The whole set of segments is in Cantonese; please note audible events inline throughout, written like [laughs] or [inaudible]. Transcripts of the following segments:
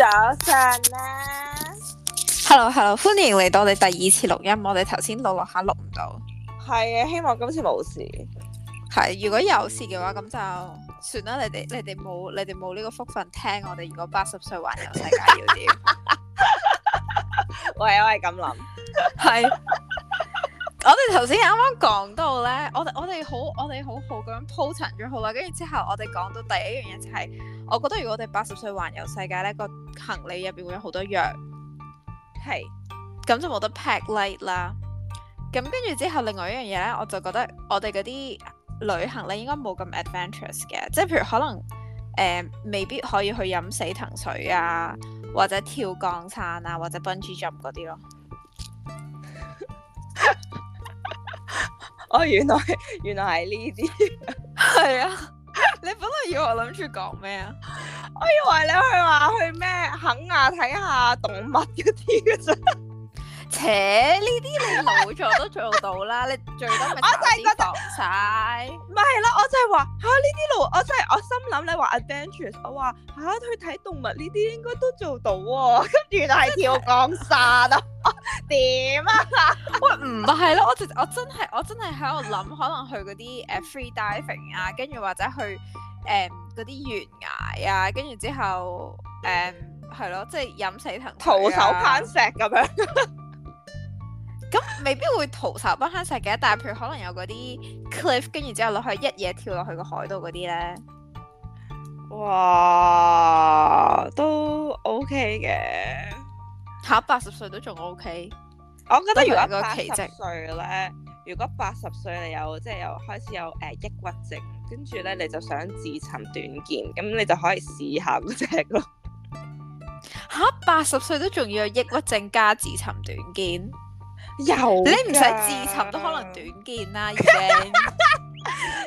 早晨啦，Hello Hello，歡迎嚟到我哋第二次錄音。我哋頭先錄落下錄唔到，係啊，希望今次冇事。係，如果有事嘅話，咁就算啦。你哋你哋冇你哋冇呢個福分聽我哋。如果八十歲環遊世界要點？我係我係咁諗，係。我哋頭先啱啱講到咧，我我哋好我哋好好咁鋪陳咗好啦，跟住之後我哋講到第一樣嘢就係、是，我覺得如果我哋八十歲環遊世界咧，個行李入邊會有好多藥，係咁就冇得 pack light 啦。咁跟住之後，另外一樣嘢咧，我就覺得我哋嗰啲旅行咧應該冇咁 adventurous 嘅，即係譬如可能誒、呃、未必可以去飲死藤水啊，或者跳降傘啊，或者 bungee jump 嗰啲咯。 [laughs] [laughs] 哦，原來原來係呢啲，係 [laughs] 啊！ [laughs] 你本來以為我諗住講咩啊？ [laughs] 我以為你去話去咩肯亞睇下動物嗰啲嘅啫。 [laughs] 扯呢啲你老咗都做到啦， [laughs] 你最多咪跌落山。唔係琿啦，我就係話吓呢啲路，我真係我心諗你話 adventures 我話吓去睇動物呢啲應該都做到喎，跟住係跳江沙咯，點啊？喂唔係咯，我直我真係我真係喺度諗，可能去嗰啲誒 free diving 啊，跟住或者去誒嗰啲懸崖啊，跟住之後誒係、嗯、咯，即係飲死藤、啊、徒手攀石咁樣。 [laughs] 咁、嗯、未必會徒手攀石嘅，但係譬如可能有嗰啲 cliff，跟住之後落去一嘢跳落去個海度嗰啲咧，哇，都 OK 嘅嚇，八十歲都仲 OK。我覺得如果八十歲咧，如果八十歲你有即係有開始有誒、呃、抑鬱症，跟住咧你就想自尋短見，咁你就可以試下嗰隻咯嚇，八十歲都仲要有抑鬱症加自尋短見。你唔使自尋都可能短見啦，咁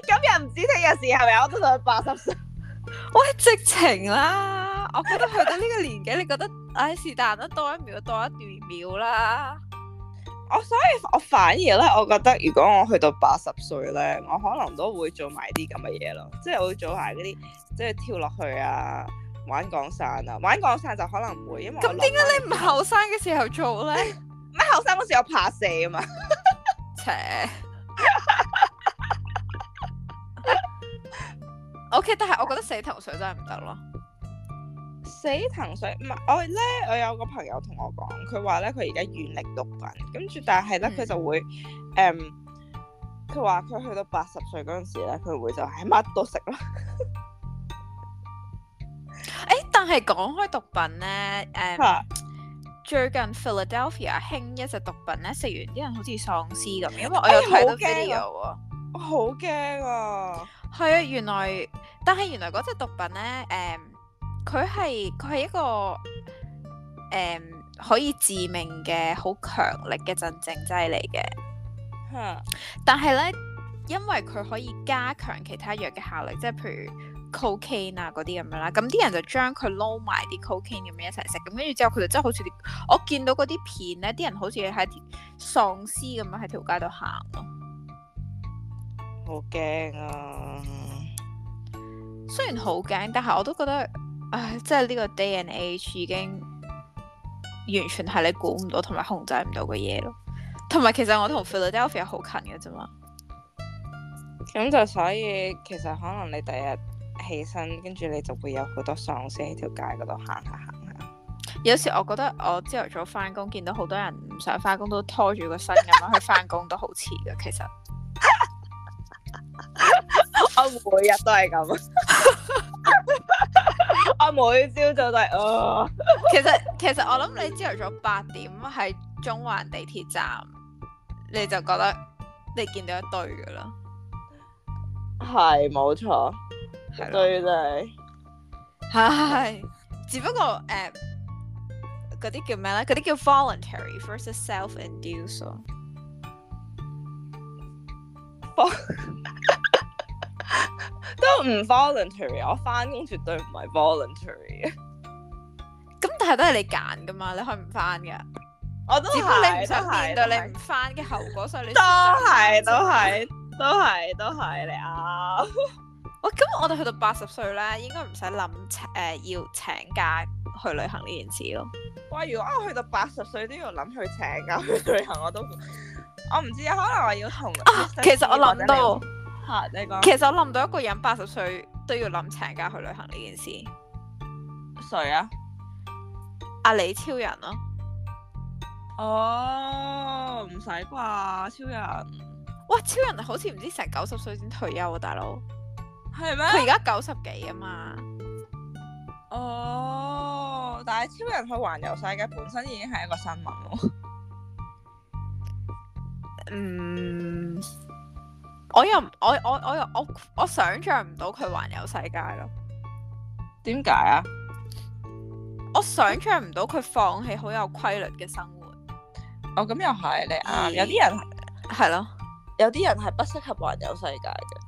又唔知聽日時候呀，我都想八十歲。 [laughs] 喂，直情啦！我覺得去到呢個年紀， [laughs] 你覺得唉是但啦，多一秒多一段秒啦。我所以，我反而咧，我覺得如果我去到八十歲咧，我可能都會做埋啲咁嘅嘢咯。即係會做埋嗰啲，即係跳落去啊，玩降傘啊，玩降傘就可能會。咁點解你唔後生嘅時候做咧？ [laughs] 後生嗰時我怕死啊嘛，扯。OK，但係我覺得死藤水真係唔得咯。死藤水唔係我咧，我有個朋友同我講，佢話咧，佢而家遠離毒品，跟住但係咧佢就會，誒、嗯，佢話佢去到八十歲嗰陣時咧，佢會就係乜都食咯。誒、 [laughs] 欸，但係講開毒品咧，誒、嗯。 [laughs] 最近 Philadelphia 興一隻毒品咧，食完啲人好似喪屍咁，嗯、因為我有睇到 video，我好驚啊！係啊、嗯嗯，原來但係原來嗰隻毒品咧，誒、嗯，佢係佢係一個誒、嗯，可以致命嘅好強力嘅鎮靜劑嚟嘅，吓、嗯！但係咧，因為佢可以加強其他藥嘅效力，即係譬如，cocaine 啊嗰啲咁樣啦，咁啲人就將佢撈埋啲 cocaine 咁樣一齊食，咁跟住之後佢就真係好似啲，我見到嗰啲片咧，啲人好似喺喪屍咁樣喺條街度行咯，好驚啊！雖然好驚，但係我都覺得，唉，即係呢個 day and age 已經完全係你估唔到同埋控制唔到嘅嘢咯。同埋其實我同 Philadelphia 好近嘅啫嘛，咁就所以其實可能你第日。起身，跟住你就會有好多喪屍喺條街嗰度行下行下。有時我覺得我朝頭早翻工，見到好多人唔想翻工，都拖住個身咁樣去翻工都好遲噶。其實我每日都係咁，我每朝早都係。哦，其實其實我諗你朝頭早八點喺中環地鐵站，你就覺得你見到一對噶啦。係，冇錯。係咯，真係，係，只不過誒，嗰啲叫咩咧？嗰啲叫 voluntary versus self-induce 咯。都唔 voluntary，我翻工絕對唔係 voluntary 嘅。咁但係都係你揀噶嘛，你去唔翻噶？我都。只係你唔想面對你唔翻嘅後果，所以你。都係，都係，都係，都係你啊！哦、今我咁我哋去到八十歲咧，應該唔使諗誒要請假去旅行呢件事咯。哇！如果我去到八十歲都要諗去請假去旅行，我都我唔知，可能我要同啊。其實我諗到吓，你講。其實我諗到一個人八十歲都要諗請假去旅行呢件事。誰啊？阿李、啊、超人咯、啊。哦，唔使啩？超人哇！超人好似唔知成九十歲先退休啊，大佬。係咩？佢而家九十幾啊嘛。哦，oh, 但係超人去環遊世界本身已經係一個新聞咯。 [laughs] 嗯，我又我我我又我我想象唔到佢環遊世界咯。點解啊？我想象唔到佢放棄好有規律嘅生活。 [noise] 哦，咁又係咧啊！有啲人係咯， [noise] 有啲人係不適合環遊世界嘅。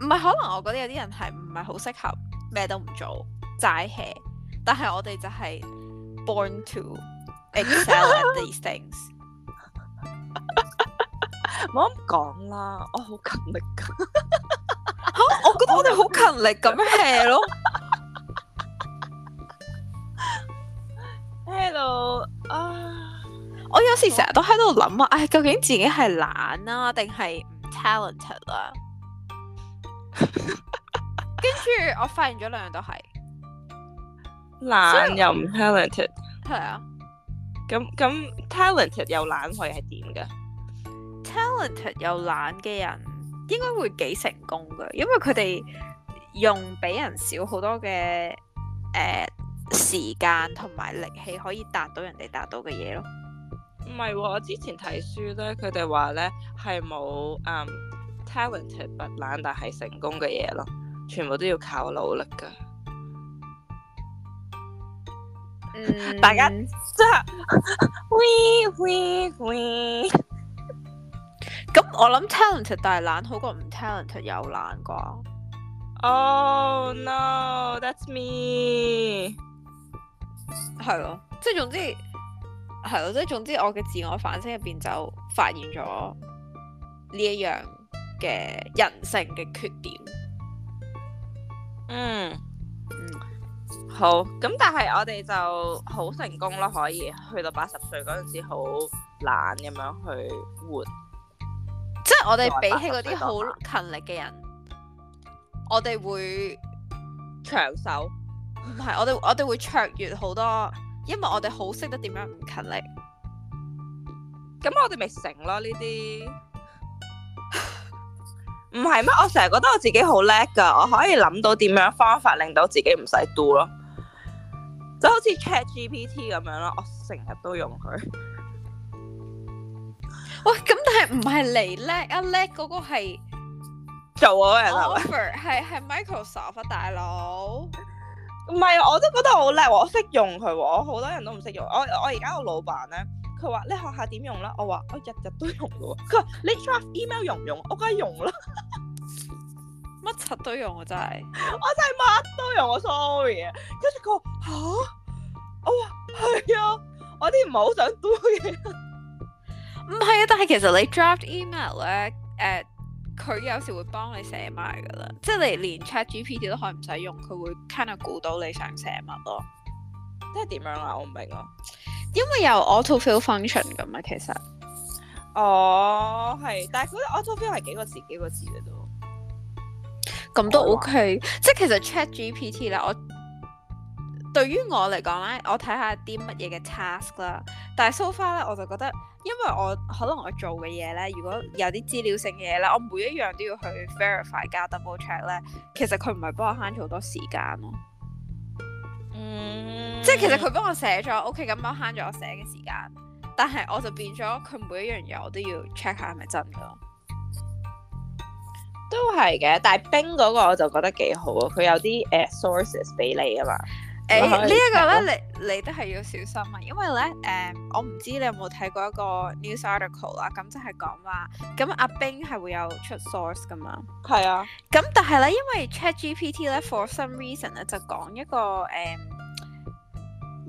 唔係，可能我覺得有啲人係唔係好適合咩都唔做齋 hea，但係我哋就係 born to excel at these things。唔好講啦，我好勤力㗎。嚇，我覺得我哋好勤力咁 hea 咯。Hello 啊，我有時成日都喺度諗啊，唉，究竟自己係懶啊，定係唔 talented 啊？跟住我發現咗兩樣都係懶又唔 talented，係啊。咁咁 talented 又懶去，佢係點噶？talented 又懶嘅人應該會幾成功噶，因為佢哋用比人少好多嘅誒、呃、時間同埋力氣，可以達到人哋達到嘅嘢咯。唔係喎，我之前睇書咧，佢哋話咧係冇誒、um, talented 不懶，但係成功嘅嘢咯。全部都要靠努力噶，嗯，大家即係，we we we 咁我諗 talent 大懶好過唔 talent 有懶啩。Oh no, that's me。係咯，即係總之係咯，即係總之我嘅自我反省入邊就發現咗呢一樣嘅人性嘅缺點。嗯、嗯，好。咁但係我哋就好成功咯，可以去到八十歲嗰陣時好懶咁樣去活，即係我哋比起嗰啲好勤力嘅人， [laughs] 我哋會長壽。唔係，我哋我哋會卓越好多，因為我哋好識得點樣唔勤力。咁我哋咪成咯呢啲。唔係咩？我成日覺得我自己好叻噶，我可以諗到點樣方法令到自己唔使 do 咯，就好似 ChatGPT 咁樣咯，我成日都用佢。喂，咁但係唔係你叻啊？叻嗰個係做嗰個人啦。Over 係係 Microsoft 大佬。唔係我都覺得好叻喎，我識用佢喎，我好多人都唔識用，我我而家我老闆咧。佢話：你學校點用啦？我話：我日日都用嘅。佢話：你 draft email 用唔用？我梗係用啦，乜 [laughs] 柒都用啊！真係，我真係乜都用。我 sorry。啊！跟住佢話吓？我話係啊，我啲唔係好想 do 嘅。」唔係啊，但係其實你 draft email 咧、呃，誒，佢有時會幫你寫埋㗎啦。即係你連 ChatGPT 都可以唔使用，佢會 kinda 估到你想寫乜咯。即係點樣啊？我唔明咯，因為有 auto fill function 咁啊，其實哦係，但係佢個 auto fill 係幾個字？幾個字嘅啫。咁都 OK，嗯，即係其實 ChatGPT 咧，我對於我嚟講咧，我睇下啲乜嘢嘅 task 啦，但係 so far 咧，我就覺得，因為我可能我做嘅嘢咧，如果有啲資料性嘅嘢咧，我每一樣都要去 verify 加 double check 咧，其實佢唔係幫我慳咗好多時間咯，嗯。嗯、即係其實佢幫我寫咗，O K，咁我慳咗我寫嘅時間，但係我就變咗佢每一樣嘢我都要 check 下係咪真㗎？都係嘅。但係冰嗰個我就覺得幾好啊，佢有啲誒、uh, sources 俾你啊嘛。誒，呢一個咧，你你都係要小心啊，因為咧誒、嗯、我唔知你有冇睇過一個 news article 啦、啊，咁即係講話咁阿冰係會有出 source 噶嘛？係啊。咁但係咧，因為 ChatGPT 咧，for some reason 咧，就講一個誒。嗯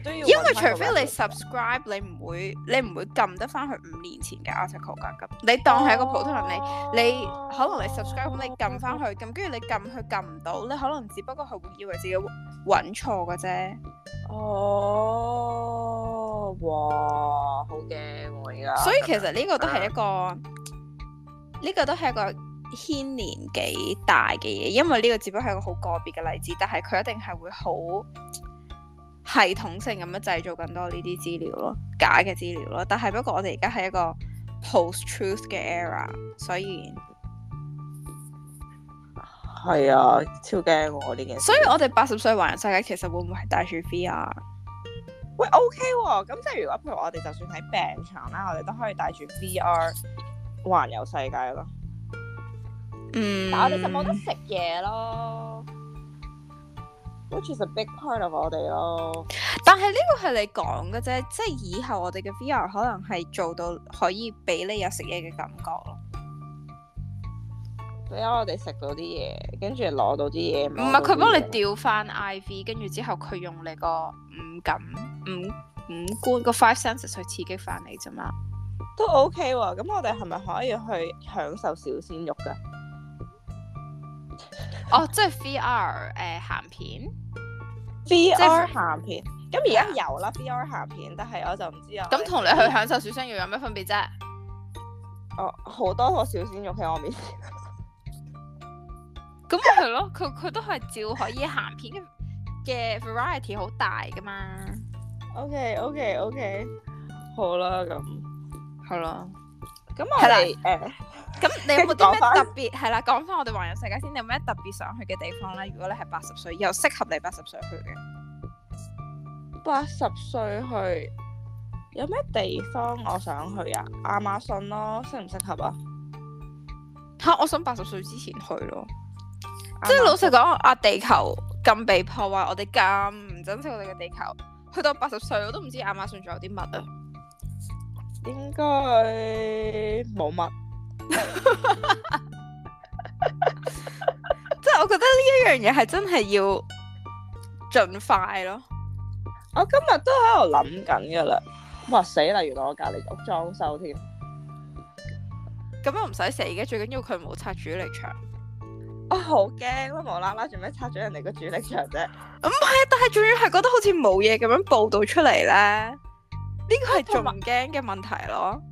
因為除非你 subscribe，你唔會 [music] 你唔會撳得翻去五年前嘅 article 㗎，咁 [music] 你當係一個普通人，你你可能你 subscribe，咁你撳翻去，咁跟住你撳去撳唔到，你可能只不過係會以為自己揾錯嘅啫。哦，哇，好驚喎、啊，我而家所以其實呢個都係一個呢、嗯、個都係一個牽連幾大嘅嘢，因為呢個只不過係一個好個別嘅例子，但係佢一定係會好。系統性咁樣製造更多呢啲資料咯，假嘅資料咯。但係不過我哋而家係一個 post truth 嘅 era，所以係啊，超驚喎呢件事。所以我哋八十歲環遊世界其實會唔會係帶住 VR？喂，OK 喎、啊，咁即係如果譬如我哋就算喺病床啦，我哋都可以帶住 VR 環遊世界、嗯、咯。嗯，但我哋就冇得食嘢咯。Which is a big part of 我哋咯，但係呢個係你講嘅啫，即係以後我哋嘅 VR 可能係做到可以俾你有食嘢嘅感覺咯，俾我哋食到啲嘢，跟住攞到啲嘢，唔係佢幫你調翻 IV，跟住之後佢用你個五感五五官個 five senses 去刺激翻你啫嘛，都 OK 喎，咁我哋係咪可以去享受小鮮肉噶？ [laughs] 哦，即係、oh, VR 誒鹹片，VR 鹹片，咁而家有啦 Yeah.，VR 鹹片，但係我就唔知啦。咁同你去享受小鮮肉有咩分別啫？哦，好多個小鮮肉喺我面前、 [laughs] [laughs] 嗯。咁咪係咯，佢佢 [laughs] 都係照可以鹹片嘅 variety 好大㗎嘛。OK，OK，OK、okay, okay, okay。好啦，咁係啦。咁、嗯、我哋誒。了咁你有冇啲咩特別係啦？講翻我哋環遊世界先，你有咩特別想去嘅地方咧？如果你係八十歲，又適合你八十歲去嘅？八十歲去，有咩地方我想去啊？亞馬遜咯，適唔適合啊？嚇、啊！我想八十歲之前去咯，即係 Amazon，老實講，呀，地球咁被破壞、啊，我哋咁唔珍惜我哋嘅地球，去到八十歲我都唔知亞馬遜仲有啲乜啊？應該冇乜。即係我覺得呢一樣嘢係真係要盡快咯。我今日都喺度諗緊噶啦，哇死啦！原來我隔籬屋裝修添，咁樣唔使死嘅，最緊要佢冇拆主力牆。我好驚咯，無啦啦做咩拆咗人哋個主力牆啫？咁係啊，但係仲要係覺得好似冇嘢咁樣報道出嚟咧。呢個係仲唔驚嘅問題咯。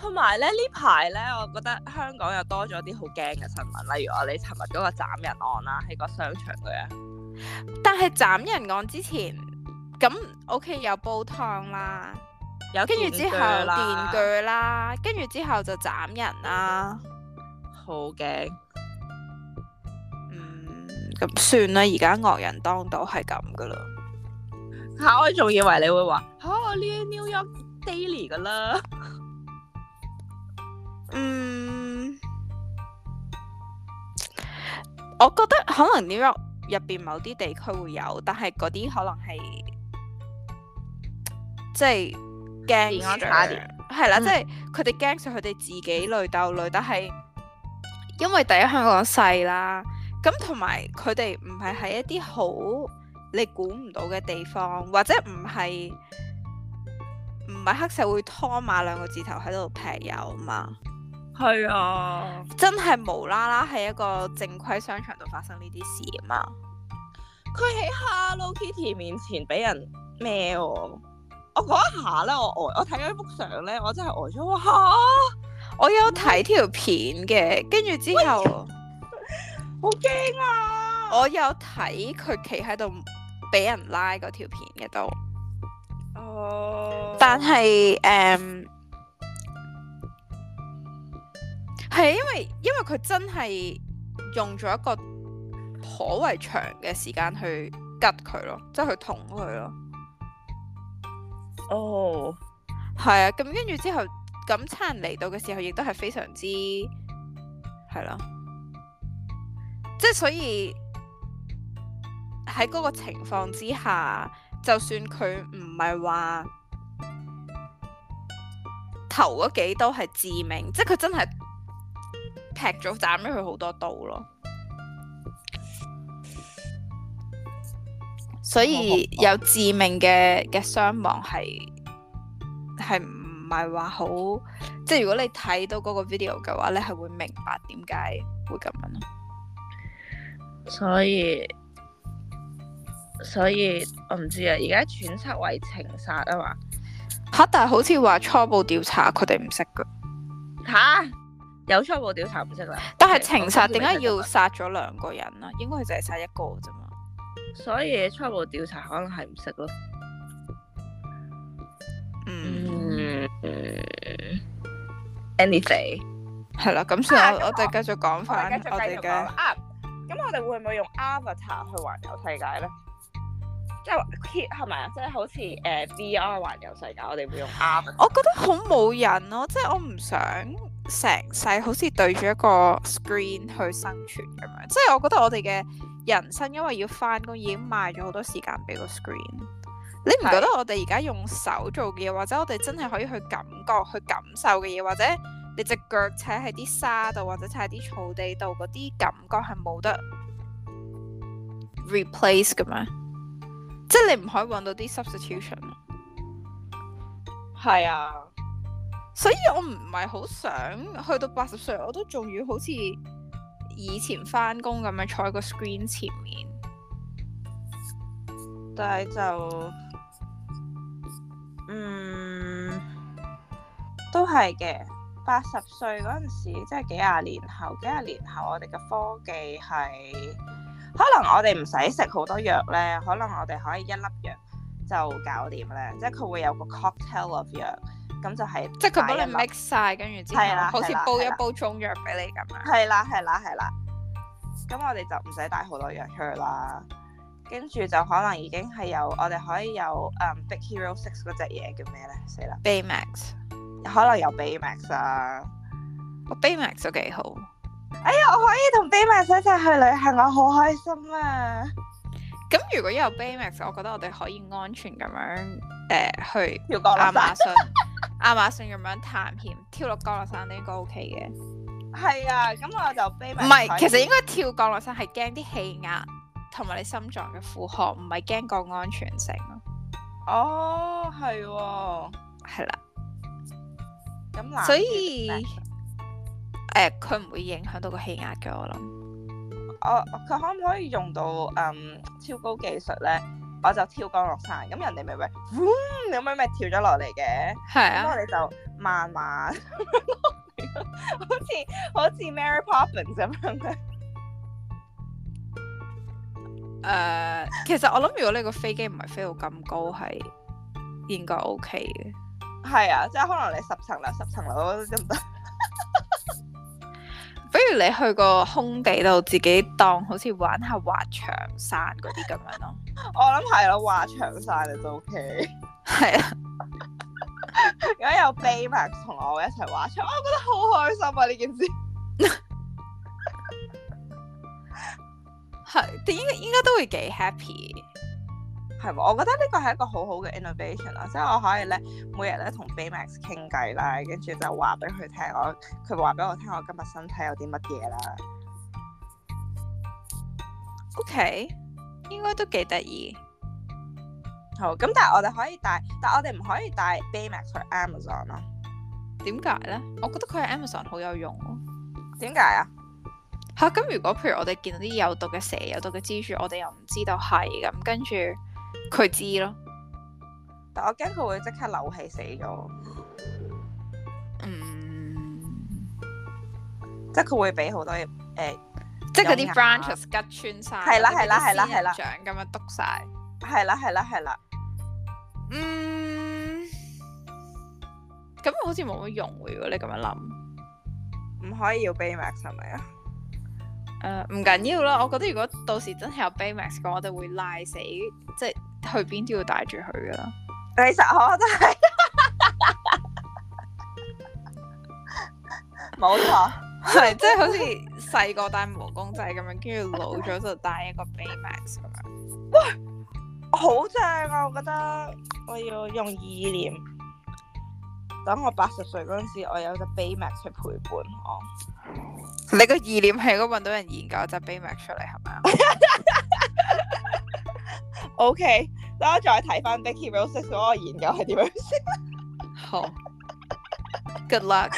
同埋咧呢排咧，我覺得香港又多咗啲好驚嘅新聞，例如我哋尋日嗰個斬人案啦，喺個商場嘅。但係斬人案之前，咁 OK，有煲湯啦，有跟住之後電鋸啦，跟住之後就斬人啦，好驚！嗯，咁算啦，而家惡人當道係咁噶啦。嚇！我仲以為你會話嚇、啊、我呢啲 New York Daily 噶啦。嗯，我覺得可能 New York 入邊某啲地區會有，但係嗰啲可能係即係驚治安差啲，係啦，即係佢哋驚住佢哋自己累鬥累。但係因為第一香港細啦，咁同埋佢哋唔係喺一啲好你估唔到嘅地方，或者唔係唔係黑社會拖馬兩個字頭喺度劈友嘛。係啊，真係無啦啦喺一個正規商場度發生呢啲事啊！佢喺 Hello Kitty 面前俾人咩？我講一下咧，我呆，呃，我睇咗幅相咧，我真係呆咗。吓，我有睇條片嘅，跟住、哎、呀之後、哎、好驚啊！我有睇佢企喺度俾人拉嗰條片嘅度，哦，但係誒。嗯係，因為因為佢真係用咗一個頗為長嘅時間去拮佢咯，即係去捅佢咯。哦、oh.，係啊，咁跟住之後，咁差人嚟到嘅時候，亦都係非常之係咯。即係所以喺嗰個情況之下，就算佢唔係話頭嗰幾刀係致命，即係佢真係。劈咗斬咗佢好多刀咯， [laughs] 所以 [laughs] 有致命嘅嘅傷亡係係唔係話好？即係如果你睇到嗰個 video 嘅話，你係會明白點解會咁樣咯、啊。所以所以我唔知啊，而家揣測為情殺啊嘛？吓，但係好似話初步調查佢哋唔識噶吓。有初步調查唔識啦，但係情殺點解要殺咗兩個人咧？應該佢就係殺一個啫嘛。所以初步調查可能係唔識咯。嗯，anything 係啦，咁所以我我哋繼續講翻我哋嘅。咁我哋會唔會用 avatar 去環遊世界咧？即係 h e t 係咪啊？即係好似誒、uh, VR 環遊世界，我哋會用啱。我覺得好冇癮咯，即係我唔想成世好似對住一個 screen 去生存咁樣。即係我覺得我哋嘅人生，因為要翻工，已經賣咗好多時間俾個 screen 是。你唔覺得我哋而家用手做嘅嘢，或者我哋真係可以去感覺、去感受嘅嘢，或者你隻腳踩喺啲沙度，或者踩喺啲草地度嗰啲感覺係冇得 replace 嘅咩？即係你唔可以搵到啲 substitution，係啊，所以我唔係好想去到八十歲，我都仲要好似以前返工咁樣坐喺個 screen 前面，但係就，嗯，都係嘅。八十歲嗰陣時，即係幾廿年後，幾廿年後我哋嘅科技係。可能我哋唔使食好多藥咧，可能我哋可以一粒藥就搞掂咧，即係佢會有個 cocktail of 藥，咁就係即係佢幫你 mix 晒，跟住之後了好似煲一煲中藥俾你咁樣！係啦，係啦，係啦。咁我哋就唔使帶好多藥去啦。跟住就可能已經係有，我哋可以有、um, Big Hero Six 嗰隻嘢叫咩咧？死啦！Baymax，可能有 Baymax 啊！個、oh, Baymax 都幾好。哎呀，我可以同 Baymax 一齊去旅行，我好開心啊！咁如果有 Baymax，我覺得我哋可以安全咁樣誒去馬跳降落傘，亞馬遜咁樣探險，跳落降落傘呢個 OK 嘅。係啊，咁我就 Baymax。唔係，其實應該跳降落傘係驚啲氣壓同埋你心臟嘅負荷，唔係驚個安全性咯。哦，係、啊，係啦、啊。咁所以。誒，佢唔、欸、會影響到個氣壓嘅，我諗。我、哦，佢可唔可以用到誒、嗯、超高技術咧？我就跳降落傘，咁人哋咪喂，咁樣咪跳咗落嚟嘅。係啊。咁我哋就慢慢， [laughs] 好似好似 Mary Poppins 咁樣嘅。誒，其實我諗如果你個飛機唔係飛到咁高，係應該 OK 嘅。係啊，即係可能你十層樓、十層樓都得。你去個空地度，自己當好似玩下滑翔傘嗰啲咁樣咯，我諗係咯，滑翔傘就 OK，係啊， [laughs] 如果有 Becky 同我一齊滑翔，我覺得好開心啊！呢件事係？係，應該應該都會幾 happy。係，我覺得呢個係一個好好嘅 innovation 啊！即係我可以咧，每日咧同 Baymax 傾偈啦，跟住就話俾佢聽我佢話俾我聽我今日身體有啲乜嘢啦。OK，應該都幾得意。好咁，但係我哋可以帶，但係我哋唔可以帶 Baymax 去 Amazon 咯。點解咧？我覺得佢喺 Amazon 好有用喎。點解啊？吓，咁，如果譬如我哋見到啲有毒嘅蛇、有毒嘅蜘蛛，我哋又唔知道係咁，跟住。佢知咯，但我驚佢會即刻扭氣死咗。嗯，即係佢會俾好多嘢，誒、欸，即係嗰啲 branches 拮穿晒，係啦係啦係啦係啦，掌咁樣篤晒，係啦係啦係啦。嗯，咁好似冇乜用喎，如果你咁樣諗，唔可以要 Baymax 係咪啊？是誒，唔緊要啦，我覺得如果到時真係有 Baymax 嘅話，我哋會賴死，即係去邊都要帶住佢噶啦。其實我真係，冇錯，係即係好似細個帶毛公仔咁樣，跟住老咗就帶一個 Baymax 咁樣。喂 [laughs] [laughs] 好正啊！我覺得我要用意念，等我八十歲嗰陣時，我有隻 Baymax 去陪伴我。你個意念喺度搵到人研究就俾埋出嚟係咪 OK，等我再睇翻 Biky Rose 所個研究係點樣先。 [laughs] 好，Good luck。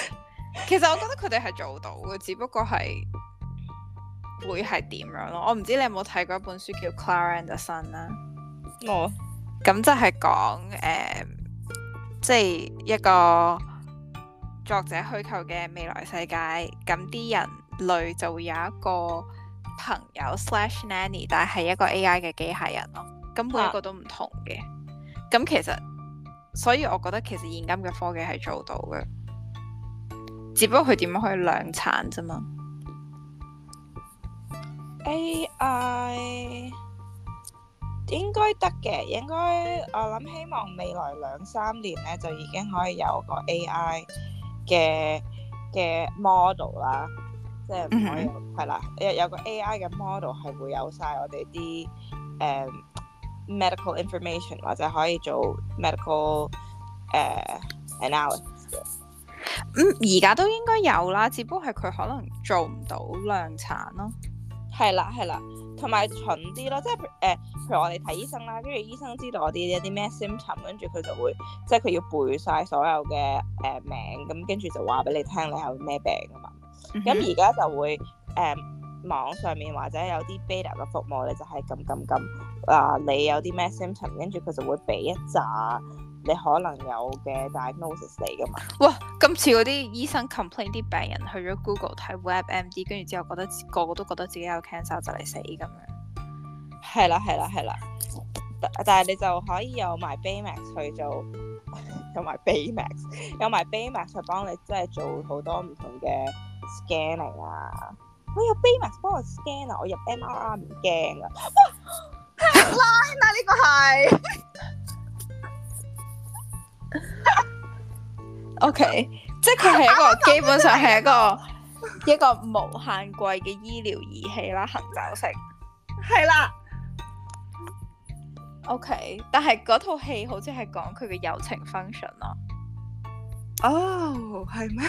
其實我覺得佢哋係做到嘅，只不過係會係點樣咯？我唔知你有冇睇過一本書叫 Clara and the Sun 啦。哦，咁即係講誒，即係一個作者虛構嘅未來世界，咁啲人。類就會有一個朋友 slash nanny，但係一個 A I 嘅機械人咯。咁每一個都唔同嘅。咁、啊、其實，所以我覺得其實現今嘅科技係做到嘅，只不過佢點樣可以量產啫嘛。A I 應該得嘅，應該，應該我諗希望未來兩三年咧就已經可以有個 A I 嘅嘅 model 啦。即係，唔可以係啦、嗯哼，有有個 AI 嘅 model 係會有晒我哋啲誒 medical information，或者可以做 medical 誒、呃、analysis。嗯，而家都應該有啦，只不過係佢可能做唔到量產咯。係啦，係啦，同埋蠢啲咯，即係誒、呃，譬如我哋睇醫生啦，跟住醫生知道我啲有啲咩 symptom，跟住佢就會，即係佢要背晒所有嘅誒、呃、名，咁跟住就話俾你聽你係咩病㗎嘛。咁而家就會誒、嗯、網上面或者有啲 beta 嘅服務咧，你就係撳撳撳啊！你有啲咩 symptom，跟住佢就會俾一紮你可能有嘅 diagnosis 嚟噶嘛。哇！今次嗰啲醫生 complain 啲病人去咗 Google 睇 WebMD，跟住之後覺得個個都覺得自己有 cancer 就嚟死咁樣。係啦，係啦，係啦。但但係你就可以有埋 Baymax 去做， [laughs] 有埋 Baymax，有埋 Baymax 去幫你即係做好多唔同嘅。scan 嚟啦！啊、有我入 Beamer 幫我 scan 啊，我入 MRR 唔驚啊，哇 line 啊呢個係。OK，即係佢係一個基本上係一個 [laughs] 一個無限貴嘅醫療儀器啦，行走式係 [laughs] 啦。OK，但係嗰套戲好似係講佢嘅友情 function 咯、啊。哦、oh, 是，係咩？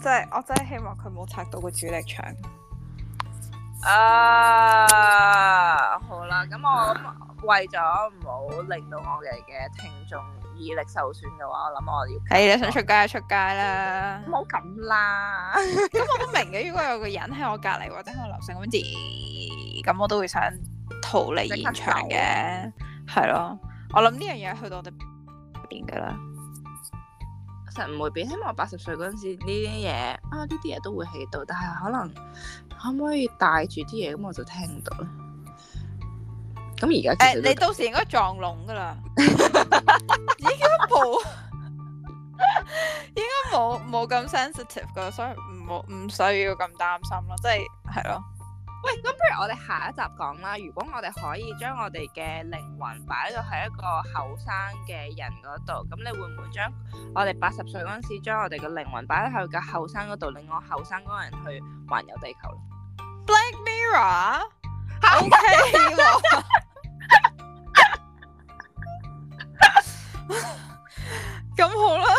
即係我真係希望佢冇拆到個主力牆。啊、uh,，好啦，咁我、uh. 為咗唔好令到我哋嘅聽眾耳力受損嘅話，我諗我要係啊，你想出街就出街啦，唔好咁啦。咁 [laughs] 我都明嘅，如果有個人喺我隔離或者喺我樓上咁，咁 [laughs] 我都會想逃離現場嘅，係咯。我諗呢樣嘢去到我哋邊嘅啦。唔會變，希望我八十歲嗰陣時呢啲嘢啊，呢啲嘢都會起到。但係可能可唔可以帶住啲嘢咁我就聽唔到啦。咁而家誒，都你到時應該撞聾噶啦，而家冇，應該冇冇咁 sensitive 噶，所以唔好唔需要咁擔心咯，即係係咯。喂，咁不如我哋下一集講啦。如果我哋可以將我哋嘅靈魂擺到喺一個後生嘅人嗰度，咁你會唔會將我哋八十歲嗰陣時，將我哋嘅靈魂擺喺佢嘅後生嗰度，令我後生嗰人去環遊地球？Black Mirror，OK，咁好啦，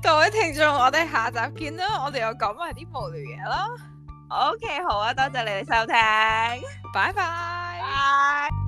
各位聽眾，我哋下集見啦。我哋又講埋啲無聊嘢啦。OK，好啊，多謝你哋收聽，拜拜。